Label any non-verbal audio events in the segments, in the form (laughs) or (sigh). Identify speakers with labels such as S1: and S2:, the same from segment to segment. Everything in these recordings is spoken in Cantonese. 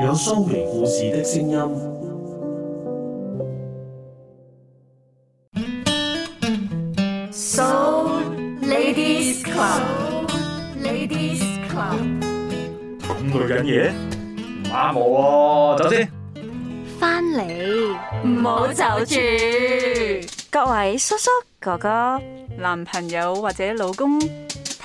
S1: 有收尾故事的聲音。
S2: So Ladies Club。
S3: Ladies Club。
S1: 講女人嘢唔啱我，走先。
S3: 翻嚟，唔好走住。各位叔叔、哥哥、男朋友或者老公。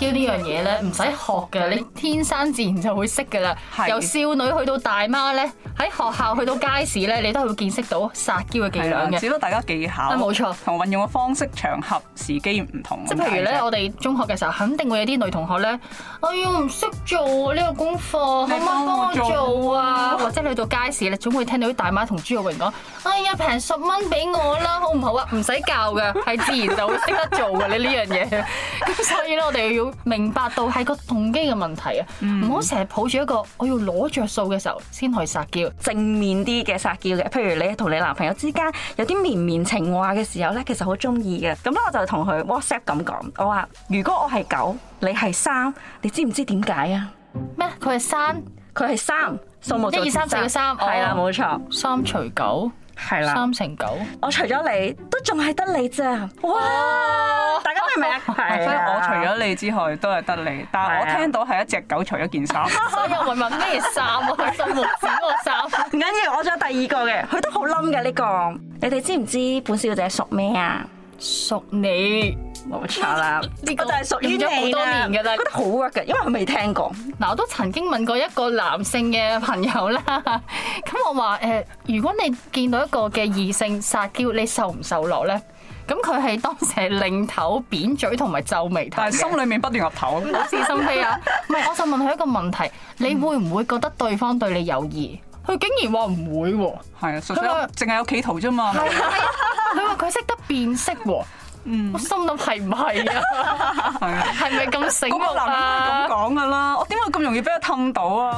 S3: 撒嬌呢樣嘢咧，唔使學嘅，你天生自然就會識嘅啦。是由少女去到大媽咧，喺學校去到街市咧，你都係會見識到撒嬌嘅伎倆嘅，只不過大
S2: 家技巧、冇同錯運用嘅方式、場合、時機唔同。即係譬如咧，嗯、我哋
S3: 中學嘅時候，肯定會有啲女同學咧，我要唔識做呢、啊呢個功課，可唔可以幫我做啊？可可做啊，或者你去到街市你總會聽到啲大媽同豬肉榮講，哎呀，平十蚊俾我啦，好唔好啊？唔使教嘅，係 (laughs) 自然就會識得做嘅。你呢樣嘢，咁所以咧，我哋要。明白到係個動機嘅問題啊，唔好成日抱住一個我要攞着數嘅時候先去撒嬌，正面啲
S4: 嘅撒嬌嘅，譬如你同你男朋友之間有啲綿綿情話嘅時候咧，其實好中意嘅。咁咧我就同佢 WhatsApp 咁講，我話如果我係九，你係三，你知唔知點解啊？咩？佢係三，佢係三，數目得一二三四嘅三，係啦，冇
S3: 錯除了。三除九，係啦。三乘九，我除咗你
S4: 都仲係得你咋。
S2: 哇
S3: ！Oh. 係咪啊？所以我除咗你之外都係得你，但係我聽
S2: 到係一隻狗除咗件衫，
S3: 所以我咪問咩衫啊？佢身冇整個衫，唔緊要，我仲有第
S4: 二個嘅，佢都好冧嘅呢個。你哋知唔知本小姐屬咩啊？屬
S3: 你冇錯啦，呢個就係屬於咗好多年嘅，我覺得好 work 嘅，因為佢未聽過嗱，我都曾經問過一個男性嘅朋友啦，咁我話誒，如果你見到一個嘅異性撒嬌，你受唔受落咧？咁佢係當時係擰頭扁嘴同埋皺眉頭，但係心裏面不斷岌頭，口是心非啊！唔係，我就問佢一個問題：你會唔會覺得對方對你有意？佢竟然話唔會喎，係啊，純粹
S2: 淨係有企圖啫嘛。
S3: 佢話佢識得辨識喎，
S2: 我心諗係唔係啊？係咪咁醒？嗰個男嘅咁講噶啦，我點解咁容易俾佢氹到啊？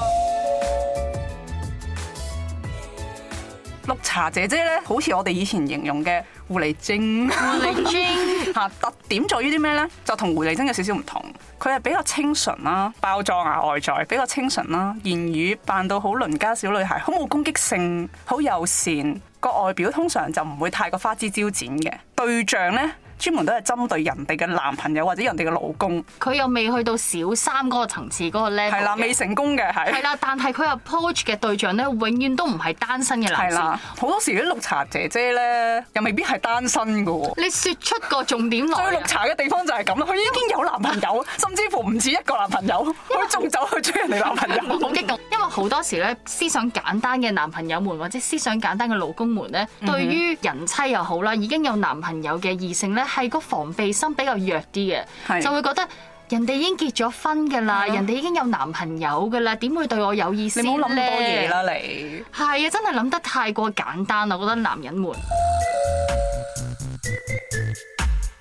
S2: 綠茶姐姐咧，好似我哋以前形容嘅狐狸精，狐狸精特點在於啲咩呢？就同狐狸精有少少唔同，佢係比較清純啦，包裝啊外在比較清純啦，言語扮到好鄰家小女孩，好冇攻擊性，好友善，個外表通常就唔會太過花枝招展嘅對象呢？專
S3: 門都係針對人哋嘅男朋友或者人哋嘅老公，佢又未去到小三嗰個層次嗰個 level。係啦，未成功嘅係。係啦，但係佢又 approach 嘅對象咧，永遠都唔係單身嘅男士。係啦，好多時啲綠茶姐姐咧，又未必係單身嘅喎。你説出個
S2: 重點來。最綠茶嘅地方就係咁啦，佢已經有男朋友，甚至乎唔止一個男朋友，佢仲走去追人哋男朋友。好
S3: 激動！因為好多時咧，思想簡單嘅男朋友們或者思想簡單嘅老公們咧，對於人妻又好啦，已經有男朋友嘅異性咧。係個防備心比較弱啲嘅，是就會覺得人哋已經結咗婚噶啦，啊、人哋已經有男朋友噶啦，點會對我有意思咧？你冇諗多嘢啦，你係啊，真係諗得太過簡單啦！我覺得男人們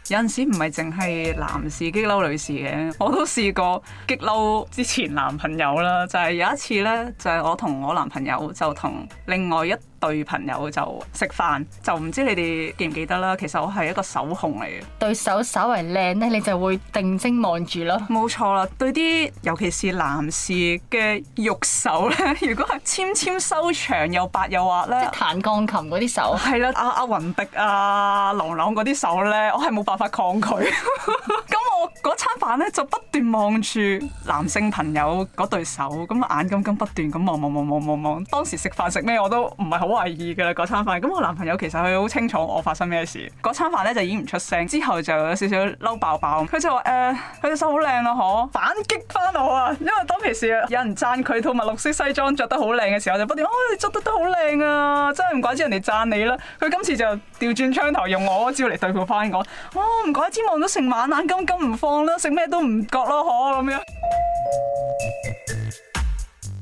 S3: 有
S2: 陣時唔係淨係男士激嬲女士嘅，我都試過激嬲之前男朋友啦，就係、是、有一次呢，就係、是、我同我男朋友就同另外一。對朋友就食飯就唔知你哋記唔記得啦。其實我係一個手控嚟嘅，
S3: 對手稍為靚呢，你就會定睛望住咯。冇錯啦，對啲尤其是
S2: 男士嘅玉手呢，如果係纖纖修長又白又滑呢，即係彈鋼琴嗰啲手。係啦，阿阿雲迪、啊，朗朗嗰啲手呢，我係冇辦法抗拒。咁 (laughs) 我嗰餐飯呢，就不斷望住男性朋友嗰對手，咁眼金金不斷咁望望望望望望。當時食飯食咩我都唔係好。好懷疑噶啦，嗰餐飯。咁我男朋友其實佢好清楚我發生咩事，嗰餐飯咧就已經唔出聲，之後就有少少嬲爆爆，佢就話誒，佢隻手好靚咯，嗬、啊，反擊翻我啊，因為當其時有人讚佢套墨綠色西裝着得好靚嘅時候，就不斷哦你着得都好靚啊，真係唔怪之人哋讚你啦，佢今次就調轉槍頭用我招嚟對付翻我，哦，唔怪之望咗成晚眼金金唔放啦，食咩都唔覺咯、啊，嗬咁樣。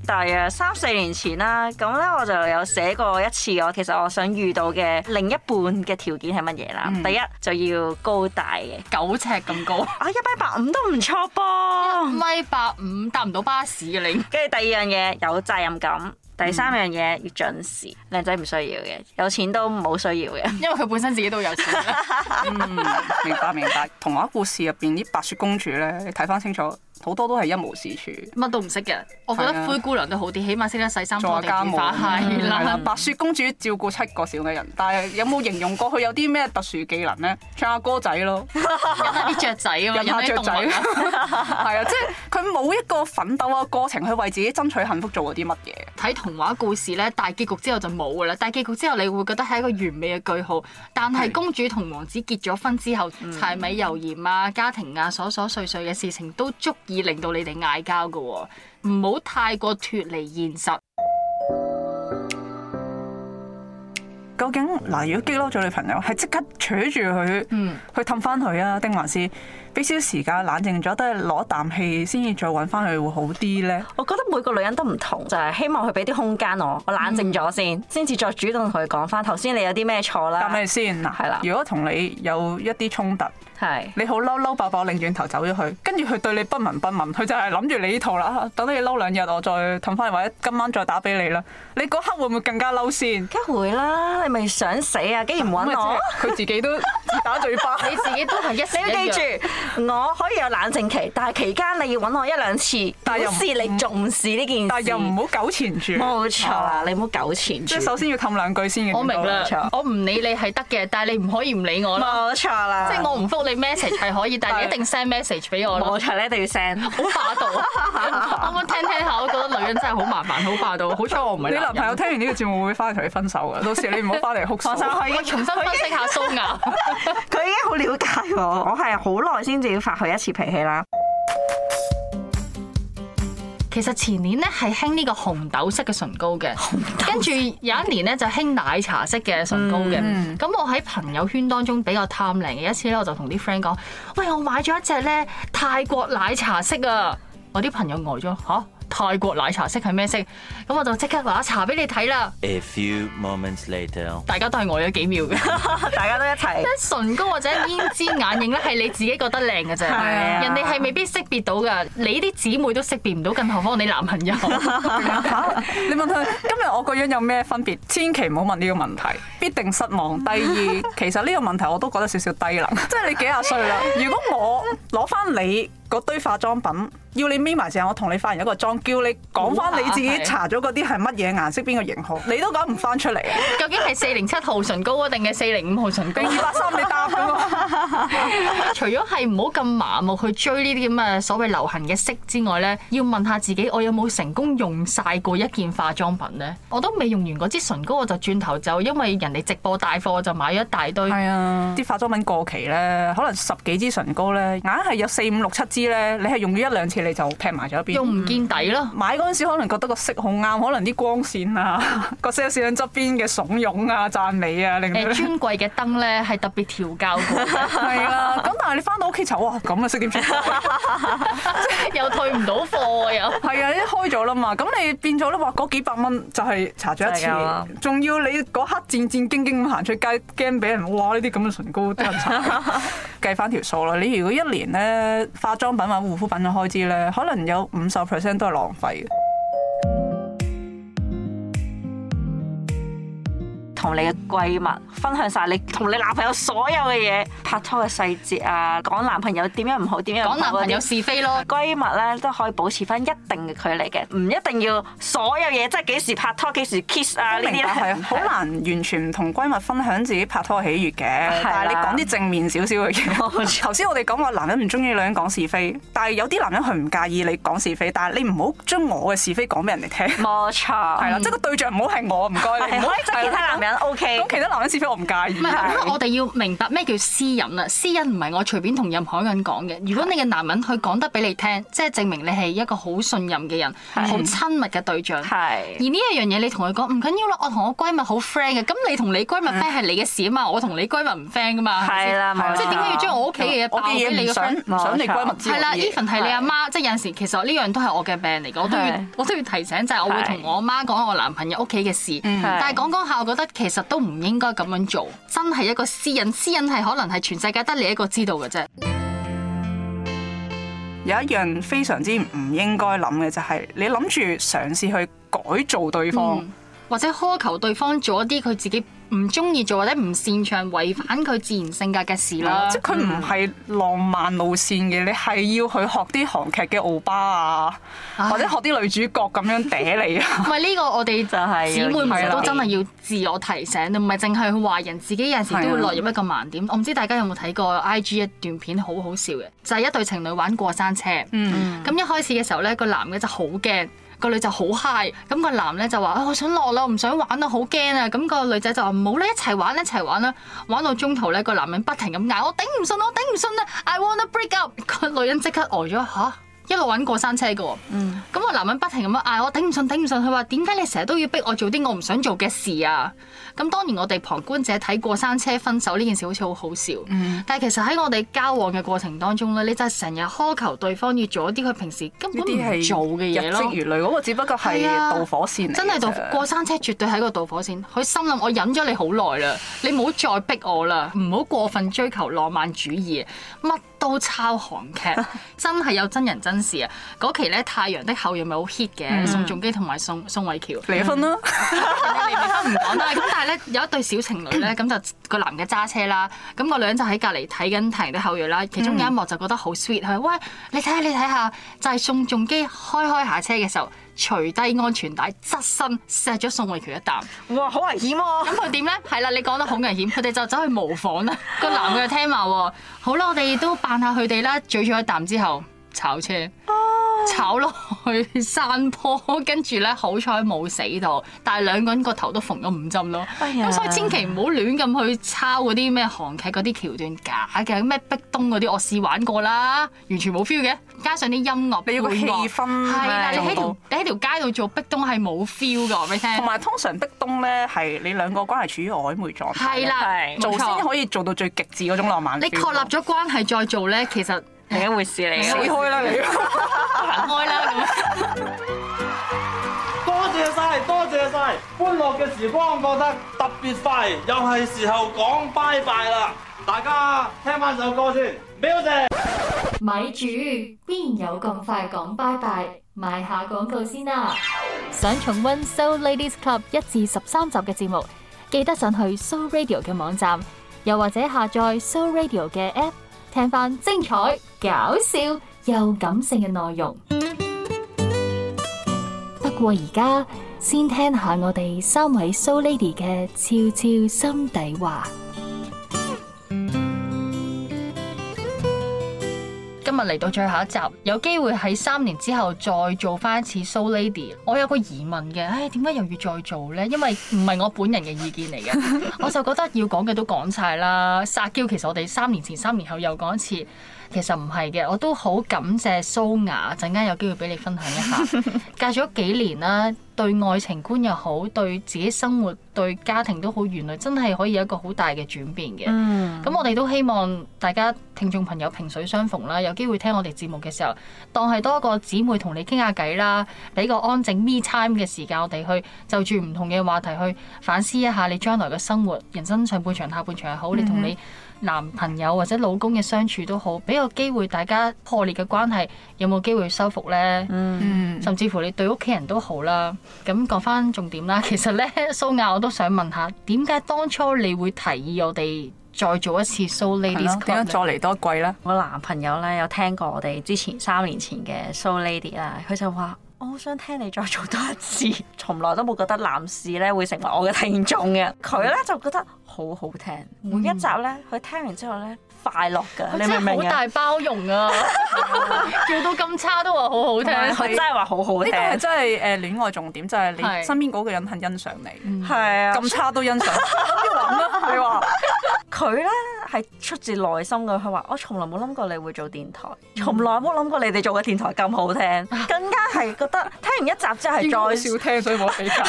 S4: 大約三四年前啦，咁咧我就有寫過一次我其實我想遇到嘅另一半嘅條件係乜嘢啦？嗯、第一就要高大嘅，九尺咁高。
S3: 啊，一米八五都唔錯噃。一米八五搭
S4: 唔到巴士嘅你。跟住第二樣嘢有責任感，嗯、第三樣嘢要準時。靚仔
S2: 唔需要嘅，有錢都冇需要嘅，
S3: 因為佢本身自己都有錢。
S2: (laughs) 嗯，明白明白。童話故事入邊啲白雪公主咧，你睇翻清楚。好多都係一無是處，
S3: 乜都唔識嘅。我覺得灰姑娘都好啲，的起碼識得洗衫做下家務。白雪公
S2: 主照顧七個小矮人，嗯、但係有冇形容過佢有啲咩特殊技能呢？唱下歌仔咯，有
S3: 啲雀仔啊嘛，有雀仔？
S2: 係啊， (laughs) (laughs) 即係佢冇一個奮
S3: 鬥嘅過程去為自己爭取幸福做過啲乜嘢？睇童話故事咧，大結局之後就冇噶啦。大結局之後，你會覺得係一個完美嘅句號。但係公主同王子結咗婚之後，的嗯、柴米油鹽啊、家庭啊、瑣瑣碎碎嘅事情都足以，令到你哋嗌交嘅，唔好太過脫離現實。
S2: 究竟嗱、呃，如果激嬲咗女朋友，係即刻扯住佢，嗯，去氹返佢啊，丁華師。俾少少時間冷靜咗，都係攞啖氣先，至再揾翻佢會好啲咧。我覺得每個女人都唔同，就係、是、希望佢俾啲空間我，我冷靜咗先，先至、嗯、再主動同佢講翻頭先你有啲咩錯啦。講咩先嗱？係啦的，如果同你有一啲衝突，係的你好嬲嬲爆爆，擰轉頭走咗去，跟住佢對你不聞不問，佢就係諗住你呢套啦，等你嬲兩日，我再氹翻或者今晚再打俾你，你會會啦。你嗰刻會唔會更加嬲先？梗係會啦，你咪想死啊！竟然唔揾我，佢、啊就是、自己都自打嘴巴， (laughs) 你自己都係一。你要記住。
S4: 我可以有冷靜期，但係期間你要揾我一兩次，表示你
S2: 重視呢件事。但係又唔好糾纏住。冇錯啊，你唔好糾纏住。即係首先要氹
S3: 兩句先。我明啦，我唔理你係得嘅，但係你唔可以唔理我啦。冇錯啦，即係我唔覆你 message 係可以，但係你一定 send message 俾我。冇錯，你一定要 send。好霸道，我冇聽聽下，我覺得女人真係好麻煩，
S2: 好霸道。好彩我唔理。你男朋友聽完呢個節目會唔會翻嚟同你分手啊？到
S4: 時你唔好翻嚟哭訴。我就可以
S3: 重新分析下蘇雅，佢已經好了解我。我係好耐。先至要發佢一次脾氣啦。其實前年咧係興呢個紅豆色嘅唇膏嘅，跟住有一年咧就興奶茶色嘅唇膏嘅。咁、嗯、我喺朋友圈當中比較貪靚嘅一次咧，我就同啲 friend 講，喂，我買咗一隻咧泰國奶茶色啊！我啲朋友呆咗嚇。啊泰國奶茶色係咩色？咁我就即刻話查俾你睇啦。A few moments later，大家都係呆咗幾秒嘅， (laughs) 大家都一齊。一 (laughs) 唇膏或者胭脂眼影咧，係你自己覺得靚嘅啫， (laughs) 人哋係未必識別到噶。你啲姊妹都識別唔到，更何況你男朋友？ (laughs) (laughs) (laughs) 你問佢今日我個樣有咩分別？ (laughs) 千祈
S2: 唔好問呢個問題，必定失望。第二， (laughs) 其實呢個問題我都覺得少少低能， (laughs) 即係你幾廿歲啦。如果我攞翻你。嗰堆化妝品要你搣埋成日，我同你化完一個妝，叫你講翻你自己查咗嗰啲係乜嘢顏色，邊個型號，你都講唔翻出嚟。
S3: (laughs) 究竟係四零七號唇膏定係四零五號唇膏？二百三你搭。除咗係唔好咁麻木去追呢啲咁嘅所謂流行嘅色之外呢，要問下自己，我有冇成功用晒過一件化妝品呢？我都未用完嗰支唇膏，我就轉頭走，因為人哋直播帶貨，我就買咗一大堆。係啊，啲化妝品過期呢，可
S2: 能十幾支唇膏呢，硬係有四五六七支。啲咧，你係用咗一兩次你就劈埋咗一邊，用唔見底咯。買嗰陣時可能覺得個色好啱，可能啲光線啊，個 sales 喺側邊嘅慫恿啊、讚美啊，令誒專櫃嘅燈咧係特別調校過。係 (laughs) 啊，咁但係你翻到屋企搽哇，咁啊識點做， (laughs) (laughs) 又退唔到貨又。係啊，一 (laughs) 開咗啦嘛，咁你變咗咧話嗰幾百蚊就係搽咗一次，仲要你嗰刻戰戰兢兢咁行出街，驚俾人哇呢啲咁嘅唇膏都人擦。 (laughs) 計翻條數啦，你如果一年咧化妝品或者護膚品嘅開支咧，可能有五十 percent 都係浪費嘅。
S4: 同你嘅閨蜜分享晒，你同你男朋友所有嘅嘢，拍拖嘅細節啊，講男朋友點樣唔好，點樣講男朋友是非咯。閨蜜咧都可以保持翻一
S2: 定嘅距離嘅，唔一定要所有
S4: 嘢，即係幾時拍拖、幾時 kiss 啊呢啲，係
S2: 係好難完全唔同閨蜜分享自己拍拖嘅喜悅嘅，但係你講啲正面少少嘅嘢。頭先我哋講話男人唔中意女人講是非，但係有啲男人佢唔介意你講是非，但係你唔好將我嘅是非講俾人哋聽。冇錯，係啦，即係個對象唔好係我，唔該。唔好即係其他男人。O K，咁其他男人是非我唔介意。唔係，我哋
S3: 要明白咩叫私隱啦？私隱唔係我隨便同任何人講嘅。如果你嘅男人去講得俾你聽，即係證明你係一個好信任嘅人，好親密嘅對象。而呢一樣嘢你同佢講唔緊要咯，我同我閨蜜好 friend 嘅。咁你同你閨蜜 friend 係你嘅事啊嘛，我同你閨蜜唔 friend 噶嘛。係啦，即係點解要將我屋企嘅嘢擺喺你想你閨蜜知？係啦，Even 係你阿媽，即係有陣時其實呢樣都係我嘅病嚟嘅，我都要我都要提醒就係我會同我媽講我男朋友屋企嘅事，但係講講下我覺得。其實都唔應該咁樣做，真係一個私隱，私隱係可能係全世界得你一個知道嘅啫。有
S2: 一樣非常之唔應該諗嘅就係、是，你諗住嘗試去改造對方。嗯
S3: 或者苛求對方做一啲佢自己唔中意做或者唔擅長、違反佢自然性格嘅事啦、啊。即佢唔係浪漫路線嘅，嗯、你係要去學啲韓劇嘅歐巴啊，唉
S2: 或者學啲女主角咁樣嗲你
S3: 啊。唔係呢個我、 (laughs) 就係，我哋就係姊妹們都真係要自我提醒，唔係淨係話人自己有陣時都會落入一個盲點。的我唔知大家有冇睇過 IG 一段片，好好笑嘅，就係、是、一對情侶玩過山車。咁、嗯、一開始嘅時候呢、個男嘅就好驚。個女就好嗨，咁個男咧就話，我想落啦，唔想玩啦，好驚啊！咁個女仔就話，唔好啦，一齊玩一齊玩啦，玩到中途咧，個男人不停咁嗌，我頂唔順，我頂唔順啦！I wanna break up，個女人即刻呆咗吓。一路玩過山車嘅喎、哦，咁個、嗯、男人不停咁樣嗌我頂唔順，頂唔順。佢話點解你成日都要逼我做啲我唔想做嘅事啊？咁當然我哋旁觀者睇過山車分手呢件事好似好好笑，嗯、但係其實喺我哋交往嘅過程當中咧，你真係成日苛求對方要做一啲佢平時根本唔做嘅嘢咯。日積月累
S2: 嗰個只不過係導火線、啊、真係導過
S3: 山車絕對係個導火線。佢心諗我忍咗你好耐啦，你唔好再逼我啦，唔好過分追求浪漫主義，乜都抄韓劇， (laughs) 真係有真人真時啊，嗰期咧《太陽的後裔》咪好 hit 嘅，宋仲基同埋宋宋慧喬離婚啦，唔講啦。咁但係咧有一對小情侶咧，咁 (coughs) 就個男嘅揸車啦，咁、個女人就喺隔籬睇緊《太陽的後裔》啦。其中有一幕就覺得好 sweet，係喂，你睇下你睇下，就係、是、宋仲基開開下車嘅時候，除低安全帶，側身錫咗宋慧喬一啖。哇，好危險、啊！咁佢點咧？係啦，你講得好危險，佢哋就走去模仿啦。個男嘅就聽話， (laughs) 好啦，我哋都扮下佢哋啦，咀咗一啖之後。炒車，oh. 炒落去山坡，跟住咧，好彩冇死到，但係兩個人個頭都縫咗五針咯。咁、oh、yeah. 所以千祈唔好亂咁去抄嗰啲咩韓劇嗰啲橋段，假嘅咩壁咚嗰啲，我試玩過啦，完全冇 feel 嘅。加上啲音樂你要個氣氛，係，但你喺條到你喺條街度做壁咚係冇 feel 噶，我俾你聽。同埋
S2: 通常壁咚咧係你兩個關係處於曖昧狀態，係啦，做先可以做到最極致嗰種浪漫。 (laughs) 你確立
S3: 咗關係再做咧，其實。 (laughs) (laughs) 另一回事嚟，死開啦你！開啦！多謝晒，多謝晒，歡樂嘅時光過得特別快，又係時候講拜拜啦！大家聽翻首歌先，Biu！Sir，咪住邊有咁快講拜拜？賣下廣告先啦！想重温《So Ladies Club》一至十三集嘅節目，記得上去 So Radio 嘅網站，又或者下載 So Radio 嘅 App。聽翻精彩、搞笑又感性嘅內容。 (music) 不過而家先聽下我哋三位蘇 Lady 嘅悄悄心底話。今日嚟到最後一集，有機會喺三年之後再做翻一次 So Lady。我有個疑問嘅，唉，點解又要再做呢？因為唔係我本人嘅意見嚟嘅，我就覺得要講嘅都講晒啦。撒嬌其實我哋三年前、三年後又講一次。其實唔係嘅，我都好感謝蘇雅，陣間有機會俾你分享一下。 (laughs) 隔咗幾年啦，對愛情觀又好，對自己生活、對家庭都好，原來真係可以有一個好大嘅轉變嘅。咁、嗯、我哋都希望大家聽眾朋友萍水相逢啦，有機會聽我哋節目嘅時候，當係多一個姊妹同你傾下偈啦，俾個安靜 me time 嘅時間我，我哋去就住唔同嘅話題去反思一下你將來嘅生活，人生上半場、下半場又好，你同你，嗯男朋友或者老公嘅相處都好，俾個機會大家破裂嘅關係有冇機會修復呢？嗯，甚至乎你對屋企人都好啦。咁講翻重點啦，其實呢，蘇雅我都想問下，點解當初你會提議我哋再做一次《So Lady》呢？再嚟多季呢？我男朋友呢，有聽過我哋之前三年前嘅《So Lady》啊，佢就話。
S4: 我好想聽你再做多一次， (laughs) 從來都冇覺得男士咧會成為我嘅聽眾嘅，佢咧就覺得好好聽，每一集咧，佢聽完之後咧。快樂㗎，你明唔明啊？真係好
S2: 大包容啊！叫到咁差都話好好聽，佢真係話好好聽。呢個係真係誒戀愛重點，就係你身邊嗰個人肯欣賞你。係啊，咁差都欣賞。諗啦，佢話佢咧係出自內心㗎。佢話我
S4: 從來冇諗過你會做電台，從來冇諗過你哋做嘅電台咁好聽，更加係覺得聽完一集之後係再少聽，所以冇比較。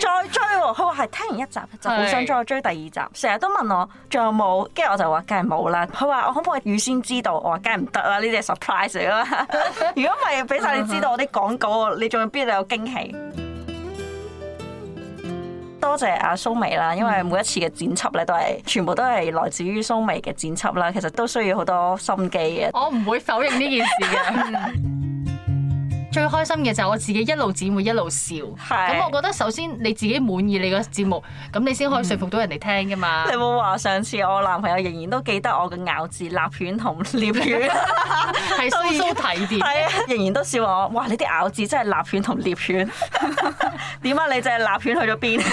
S4: 再追，佢話係聽完一集就好想再追第二集，成日都問我仲有冇。跟住我就話：梗係冇啦！佢話：我可唔可以預先知道？我話：梗係唔得啦！呢啲係 surprise 啦！ (laughs) 如果唔係俾晒你知道我啲廣告，你仲邊度有驚喜？ (music) 多謝阿蘇眉啦，因為每一次嘅剪輯咧，都係全部都係來自於蘇眉嘅剪
S3: 輯啦。其實都需要好多心機嘅。我唔會否認呢件事嘅。 (laughs) 最開心嘅就係我自己一路剪會一路笑，咁是我覺得首先你自己滿意你個節目，咁你先可以説服到人哋聽㗎嘛。你冇話上次我男朋友仍然都記得
S4: 我嘅咬字立犬同獵犬，係蘇蘇提點，仍然都笑我。哇！你啲咬字真係立犬同獵犬，點 (laughs) 解你隻立犬去咗邊？ (laughs) (laughs)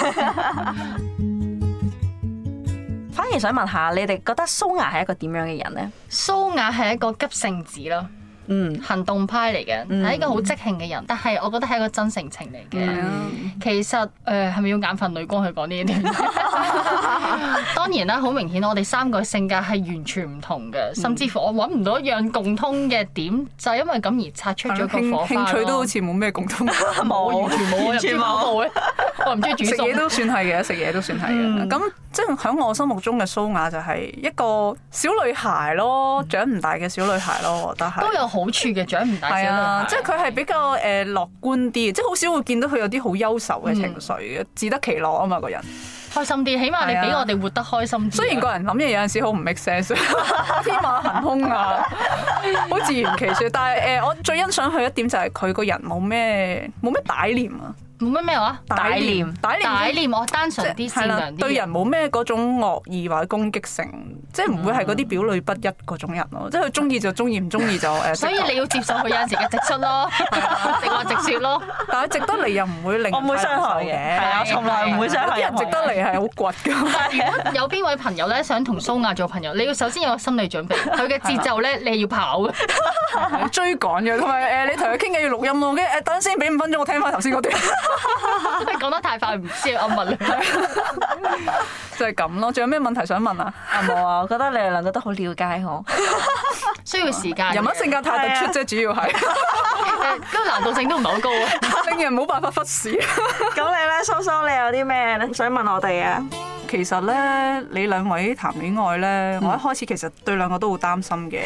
S4: 反而想問下你哋覺得蘇雅係一
S3: 個點樣嘅人呢？蘇雅係一個急性子咯。行動派嚟嘅，係、嗯、一個好即興嘅人，嗯、但係我覺得係一個真性情嚟嘅。嗯、其實誒係咪要眼瞓淚光去講呢啲？ (laughs) (laughs) 當然啦，好明顯，我哋三個性格係完全唔同嘅，甚至乎我揾唔到一樣共通嘅點，就係、係、因為咁而拆出咗個火花。興、興趣都好似
S2: 冇咩共通，冇， (laughs) 完全， (laughs) 完全冇 (laughs) 我全冇。我
S3: 唔中意煮嘢都算
S2: 係嘅，食嘢都算係嘅。咁、嗯、 (laughs) 即係喺我心目中嘅蘇雅就係一個小女孩咯，長唔大嘅小女孩咯，我覺得係。都有。好處嘅，長唔大啊，即係佢係比較誒、呃、樂觀啲，即係好少會見到佢有啲好憂愁嘅情緒嘅，嗯、自得其樂啊嘛，個人開心啲，起碼你比我哋、啊、活得開心。雖然個人諗嘢有陣時好唔 make sense，天馬行空啊，好自圓其説。但係誒、呃，我最欣賞佢一點就係佢個人冇咩冇咩歹念啊。冇咩咩話，歹念，歹念，歹念，
S3: 我單純啲善良，對人
S2: 冇咩嗰種惡意或者攻擊性，即係唔會係嗰啲表裏不一嗰種人咯。即係佢中意就中意，唔中意就誒。所以你要接受佢有陣時嘅直出咯，
S3: 直話直說咯。但係值得嚟又唔會令我唔會傷害嘅，係啊，從來唔會傷害嘅。人值得嚟係好倔嘅。有邊位朋友咧想同蘇亞做朋友？你要首先有個心理準備，佢嘅節奏咧你係要跑嘅，我追趕嘅，同埋誒你同佢
S2: 傾偈要錄音咯。等陣先，俾五分鐘我聽翻頭先嗰段。
S3: 你講 (laughs) 得太快，唔知阿文
S2: 咧， (laughs) 就係咁咯。仲有咩問題想問啊？阿冇 (laughs) 啊，我覺得你哋兩個都好了解我， (laughs) 需要時間。人物性格太突出啫，主要係其實個難度性都唔係好高，啊，令人冇辦法忽視。咁你咧，蘇蘇，你有啲咩想問我哋啊？其實咧，你兩位談戀愛咧，我一開始其實對兩個都好擔心嘅。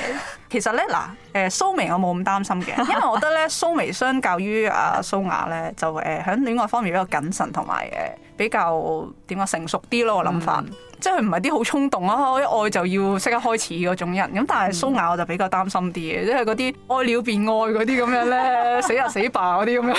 S2: 其實咧，嗱、呃，誒蘇眉我冇咁擔心嘅，因為我覺得咧，蘇眉相較於阿、啊、蘇雅咧，就誒喺戀愛方面比較謹慎同埋誒比較點講成熟啲咯。我諗翻，嗯、即係佢唔係啲好衝動啊，一愛就要即刻開始嗰種人。咁但係蘇雅我就比較擔心啲嘅，即係嗰啲愛了變愛嗰啲咁樣咧，呢 (laughs) 死又死爸嗰啲咁樣。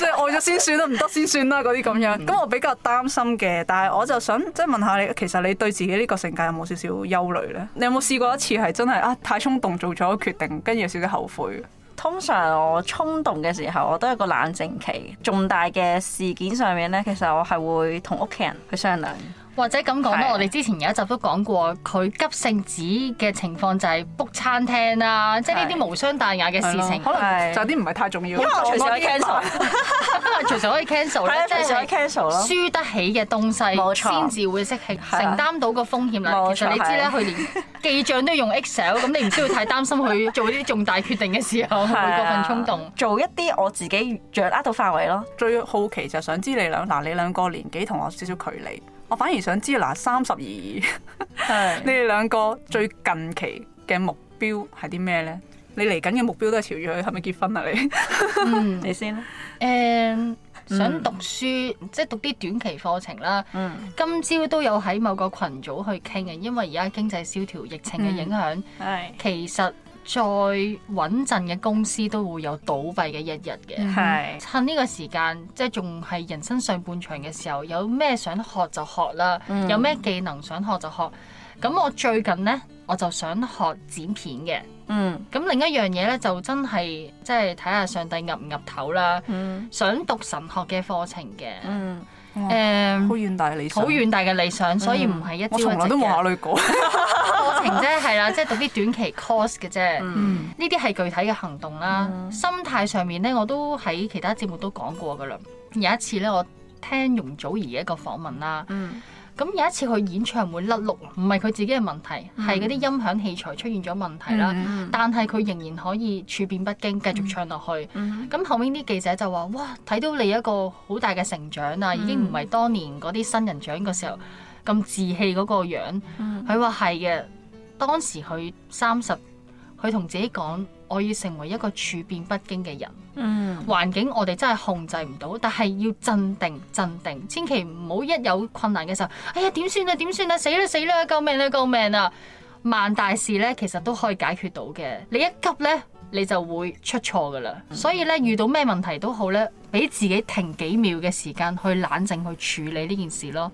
S2: (laughs) 即係愛咗先算啦，唔得先算啦嗰啲咁樣。咁、嗯、我比較擔心嘅，但係我就想即係問下你，其實你對自己呢個性格有冇少少憂慮呢？你有冇試過一次係真係啊太衝動做咗決定，跟住有少少後悔？
S4: 通常我衝動嘅時候，我都有一個冷靜期。重大嘅事件上面呢，
S3: 其實我係會同屋企人去商量。或者咁講咯，我哋之前有一集都講過，佢急性子嘅情況就係 book 餐廳啦，即係呢啲無傷大雅嘅事情，可能就啲唔係太重要，因為隨時可以 cancel，因為隨時可以 cancel 即係 cancel 咯，輸得起嘅東西先至會識係承擔到個風險啦。其實你知咧，佢連記帳都用 Excel，咁你唔需要太擔心佢做呢啲重大決定嘅時候會過分衝動，做一啲我自己掌握到範圍咯。最好奇就想知你兩嗱，
S2: 你兩個年紀同我少少距離。我反而想知嗱，三十二，32, (laughs) 是你哋兩個最近期嘅目標係啲咩呢？你嚟緊嘅目標都係朝住佢，
S3: 係咪結婚啊？你、 (laughs) 嗯， (laughs) 你先呢。誒、呃，想讀書，嗯、即係讀啲短期課程啦。嗯、今朝都有喺某個群組去傾嘅，因為而家經濟蕭條、疫情嘅影響，係、嗯、是其實。再穩陣嘅公司都會有倒閉嘅一日嘅，mm hmm. 趁呢個時間即係仲係人生上半場嘅時候，有咩想學就學啦，mm hmm. 有咩技能想學就學。咁我最近呢，我就想學剪片嘅，咁、mm hmm. 另一樣嘢呢，就真係即係睇下上帝岌唔岌頭啦，mm hmm. 想讀神學嘅課程嘅。Mm hmm. 誒，好哇、嗯、遠大嘅理想，嗯、所以唔係一朝一夕嘅過, (laughs) (laughs) 過程啫，係啦，即係讀啲短期 cost 嘅啫。呢啲係具體嘅行動啦。嗯、心態上面咧，我都喺其他節目都講過噶啦。有一次咧，我聽容祖兒嘅一個訪問啦。嗯咁有一次佢演唱會甩錄，唔係佢自己嘅問題，係嗰啲音響器材出現咗問題啦。Mm. 但係佢仍然可以處變不驚，繼續唱落去。咁、mm. 後面啲記者就話：「哇，睇到你一個好大嘅成長啊，已經唔係當年嗰啲新人獎嘅時候咁稚氣嗰個樣。佢話係嘅，當時佢三十，佢同自己講。我要成為一個處變不驚嘅人。環境我哋真係控制唔到，但係要鎮定，鎮定，千祈唔好一有困難嘅時候，哎呀，點算啊？點算啊？死啦，死啦！救命啦、啊、救命啊！萬大事呢，其實都可以解決到嘅。你一急呢，你就會出錯噶啦。所以呢，遇到咩問題都好呢，俾自己停幾秒嘅時間去冷靜去處理呢件事咯。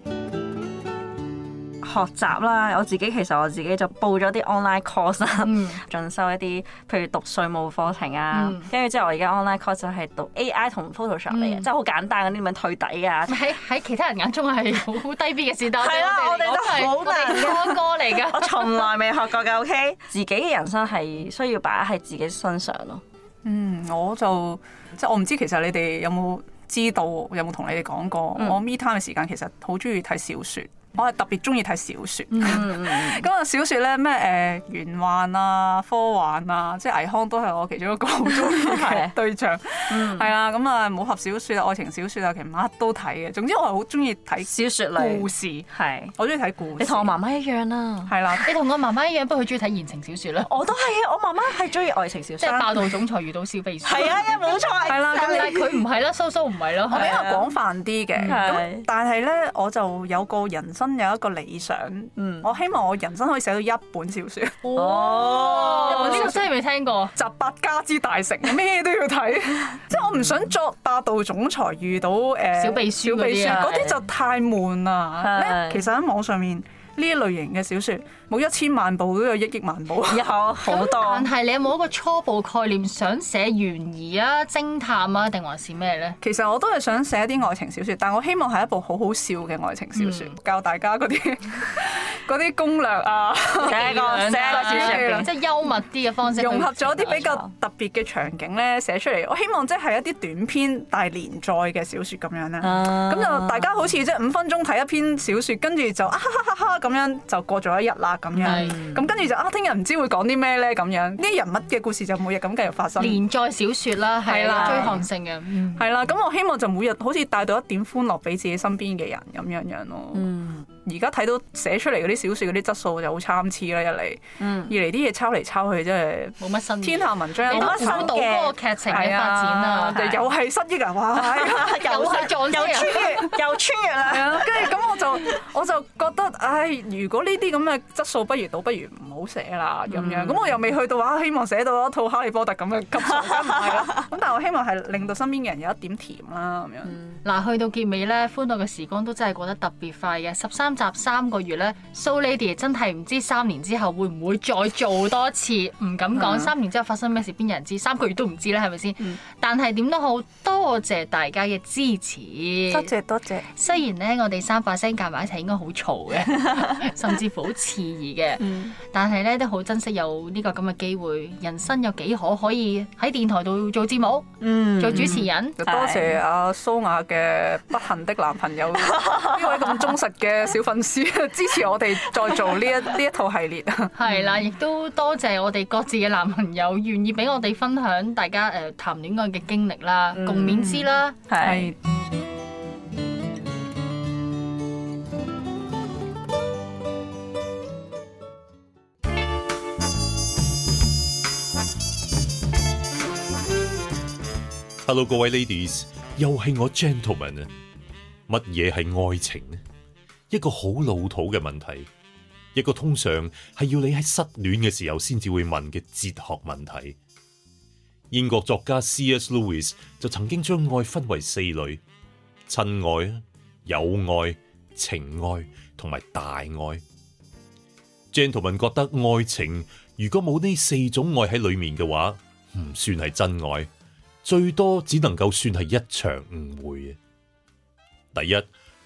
S3: 學習啦，我自己其實
S4: 我自己就報咗啲 online course 啊，嗯、進修一啲，譬如讀稅務課程啊。跟住之後，我而家 online course 就係讀 AI 同 Photoshop 嚟嘅，嗯、即係好簡單嗰啲點樣退底啊。喺喺其他人眼中係好低 B 嘅事，但係 (laughs) 我哋、就係、 (laughs) 都係初哥嚟㗎， (laughs) 我
S2: 從來未學過嘅。O、okay? K， (laughs) 自己嘅人生係需要擺喺自己身上咯。嗯， (laughs) (noise) 我就即係我唔知，其實你哋有冇知道，有冇同你哋講過？ (noise) (noise) 我 me time 嘅時間其實好中意睇小説。我係特別中意睇小説，咁啊、mm, mm, mm, (laughs) 小説咧咩誒玄幻啊、科幻啊，即係倪匡都係我其中一個好中意嘅對象，係啦， (laughs) 咁啊武俠小説啊、愛情小説啊，其實乜都睇嘅。總之我係好中意睇小説故事，係是我中意睇故事。你同我媽
S3: 媽一樣啦、啊，係啦的，你同我媽媽一樣，不過佢中意睇言情小説啦。啊、 (laughs) (laughs) 我都係啊，我媽媽係中意愛情小説，即係霸道總裁遇到小肥鼠，係啊， (laughs) 冇
S4: 錯。係啦，但係佢唔係啦，
S3: 蘇蘇唔係咯，比較廣泛啲嘅，
S4: 咁
S2: 但係咧我就有個人生。真有一個理想，嗯，我希望我人生可以寫到一本小説。
S3: 哇、哦！呢個真係未聽過，集百家之大成，
S2: 咩都要睇。 (laughs) 即係我唔想作霸道總裁遇到誒、呃、小，秘小秘書，秘書嗰啲就太悶啦。的其實喺網上面呢一類型嘅小説。冇一
S3: 千萬部都有億億萬部，以有好多。但係你有冇一個初步概念？想寫懸疑啊、偵探啊，定還是咩咧？其實我都係想寫啲愛情小說，但我希
S2: 望係一部好好笑嘅愛情小說，嗯、教大家嗰啲啲攻略啊，寫個寫個、啊、個小說，即係
S3: 幽默啲嘅方式，融合咗啲比較
S2: 特別嘅場景咧，寫、嗯、出嚟。我希望即係一啲短篇，但係連載嘅小說咁樣咧。咁、嗯嗯、就大家好似即係五分鐘睇一篇小說，跟住就啊哈哈哈咁樣就過咗一日啦。咁樣，咁、mm. 跟住就啊，聽日唔知會講啲咩咧咁樣，啲人物嘅故事就每日咁繼續發生，連載小說啦，係、啊啊、追韓性嘅，係、嗯、啦，咁、啊、我希望就每日好似帶到一點歡樂俾自己身邊嘅人咁樣樣咯。Mm. 而家睇到寫出嚟嗰啲小説嗰啲質素就好參差啦，一嚟，二嚟啲嘢抄嚟抄去真係冇乜新意。天下文章，你都估到嗰個劇情嘅發展啊，又係失憶啊！哇，又係撞又穿越，又穿
S4: 越
S3: 啦！跟住咁我就
S2: 我就覺得，唉，如果呢啲咁嘅質素不如，倒不如唔好寫啦咁樣。咁我又未去到話希望寫到一套哈利波特咁嘅級數，唔
S3: 係啊！咁但係我希望係令到身邊嘅人有一點甜啦咁樣。嗱，去到結尾咧，歡樂嘅時光都真係過得特別快嘅，十三集三個月咧，蘇 Lady 真係唔知三年之後會唔會再做多次，唔敢講三年之後發生咩事，邊人知？三個月都唔知咧，係咪先？但係點都好多謝大家嘅支持，多謝多謝。雖然呢，我哋三把聲夾埋一齊應該好嘈嘅，甚至乎好刺耳嘅，但係咧都好珍惜有呢個咁嘅機會。人生有幾可可以喺電台度做節目，做主持人。多謝阿蘇雅嘅不幸的男
S2: 朋友，呢位咁忠實嘅小分書支持我哋再做呢一呢一套系列，
S3: 係啦，亦都多謝我哋各自嘅男朋友願意俾我哋分享大家誒談戀愛嘅經歷啦，共勉之啦。係。
S1: Hello，各位 Ladies，又係我 gentlemen 啊，乜嘢係愛情呢？一個好老土嘅問題，一個通常係要你喺失戀嘅時候先至會問嘅哲學問題。英國作家 C. S. Lewis 就曾經將愛分為四類：親愛啊、友愛、情愛同埋大愛。Gentleman 覺得愛情如果冇呢四種愛喺裏面嘅話，唔算係真愛，最多只能夠算係一場誤會。第一。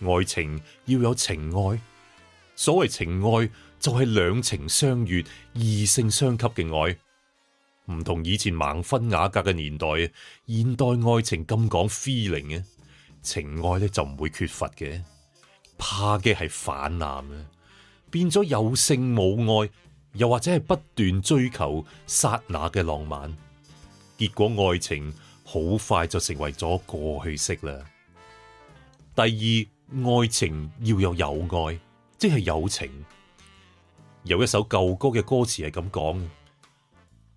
S1: 愛情要有情愛，所謂情愛就係兩情相悦、異性相吸嘅愛。唔同以前盲婚啞嫁嘅年代，現代愛情咁講 feeling 嘅情愛咧就唔會缺乏嘅。怕嘅係氾濫啊，變咗有性冇愛，又或者係不斷追求剎那嘅浪漫，結果愛情好快就成為咗過去式啦。第二。愛情要有友愛，即係友情。有一首舊歌嘅歌詞係咁講：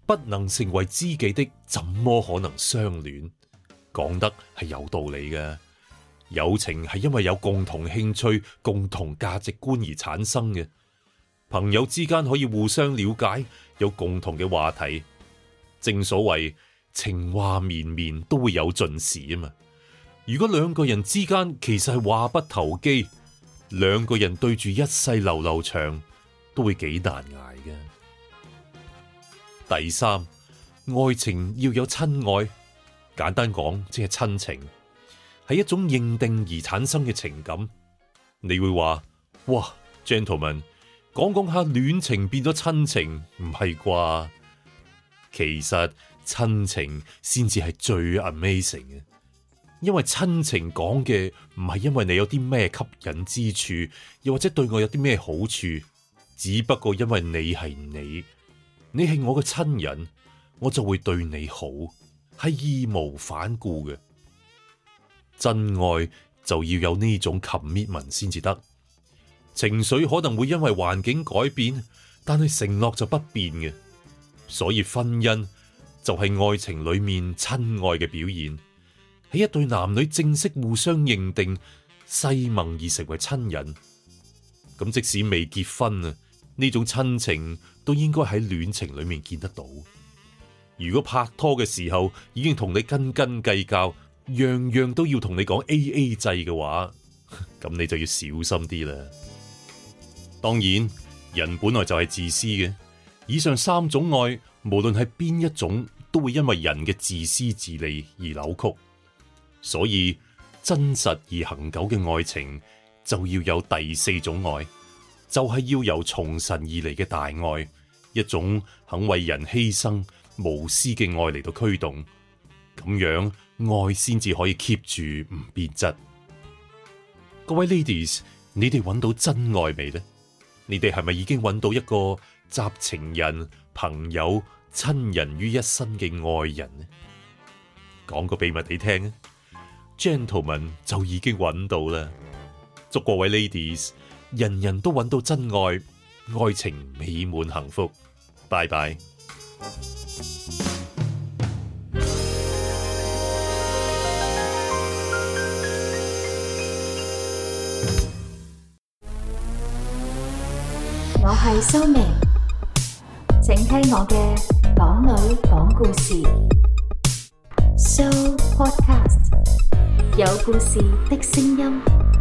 S1: 不能成為知己的，怎麼可能相戀？講得係有道理嘅。友情係因為有共同興趣、共同價值觀而產生嘅。朋友之間可以互相了解，有共同嘅話題。正所謂情話綿綿都會有盡時啊嘛。如果兩個人之間其實係話不投機，兩個人對住一世流流長都會幾難挨嘅。第三，愛情要有親愛，簡單講即係親情，係一種認定而產生嘅情感。你會話哇 gentlemen 講講下戀情變咗親情唔係啩？其實親情先至係最 amazing 嘅。因為親情講嘅唔係因為你有啲咩吸引之處，又或者對我有啲咩好處，只不過因為你係你，你係我嘅親人，我就會對你好，係義無反顧嘅。真愛就要有呢種 commitment 先至得。情緒可能會因為環境改變，但係承諾就不變嘅。所以婚姻就係愛情裏面親愛嘅表現。喺一對男女正式互相認定誓盟而成為親人，咁即使未結婚啊，呢種親情都應該喺戀情裏面見得到。如果拍拖嘅時候已經同你斤斤計較，樣樣都要同你講 AA 制嘅話，咁你就要小心啲啦。當然，人本來就係自私嘅。以上三種愛，無論係邊一種，都會因為人嘅自私自利而扭曲。所以真實而恒久嘅愛情就要有第四種愛，就係、是、要由從神而嚟嘅大愛，一種肯為人犧牲無私嘅愛嚟到驅動，咁樣愛先至可以 keep 住唔變質。各位 ladies，你哋揾到真愛未呢？你哋係咪已經揾到一個集情人、朋友、親人於一身嘅愛人呢？講個秘密你聽啊！gentlemen 就已經揾到啦！祝各位 ladies 人人都揾到真愛，愛情美滿幸福。拜拜。
S3: 我係蘇明，請聽我嘅港女講故事 show podcast。有故事的聲音。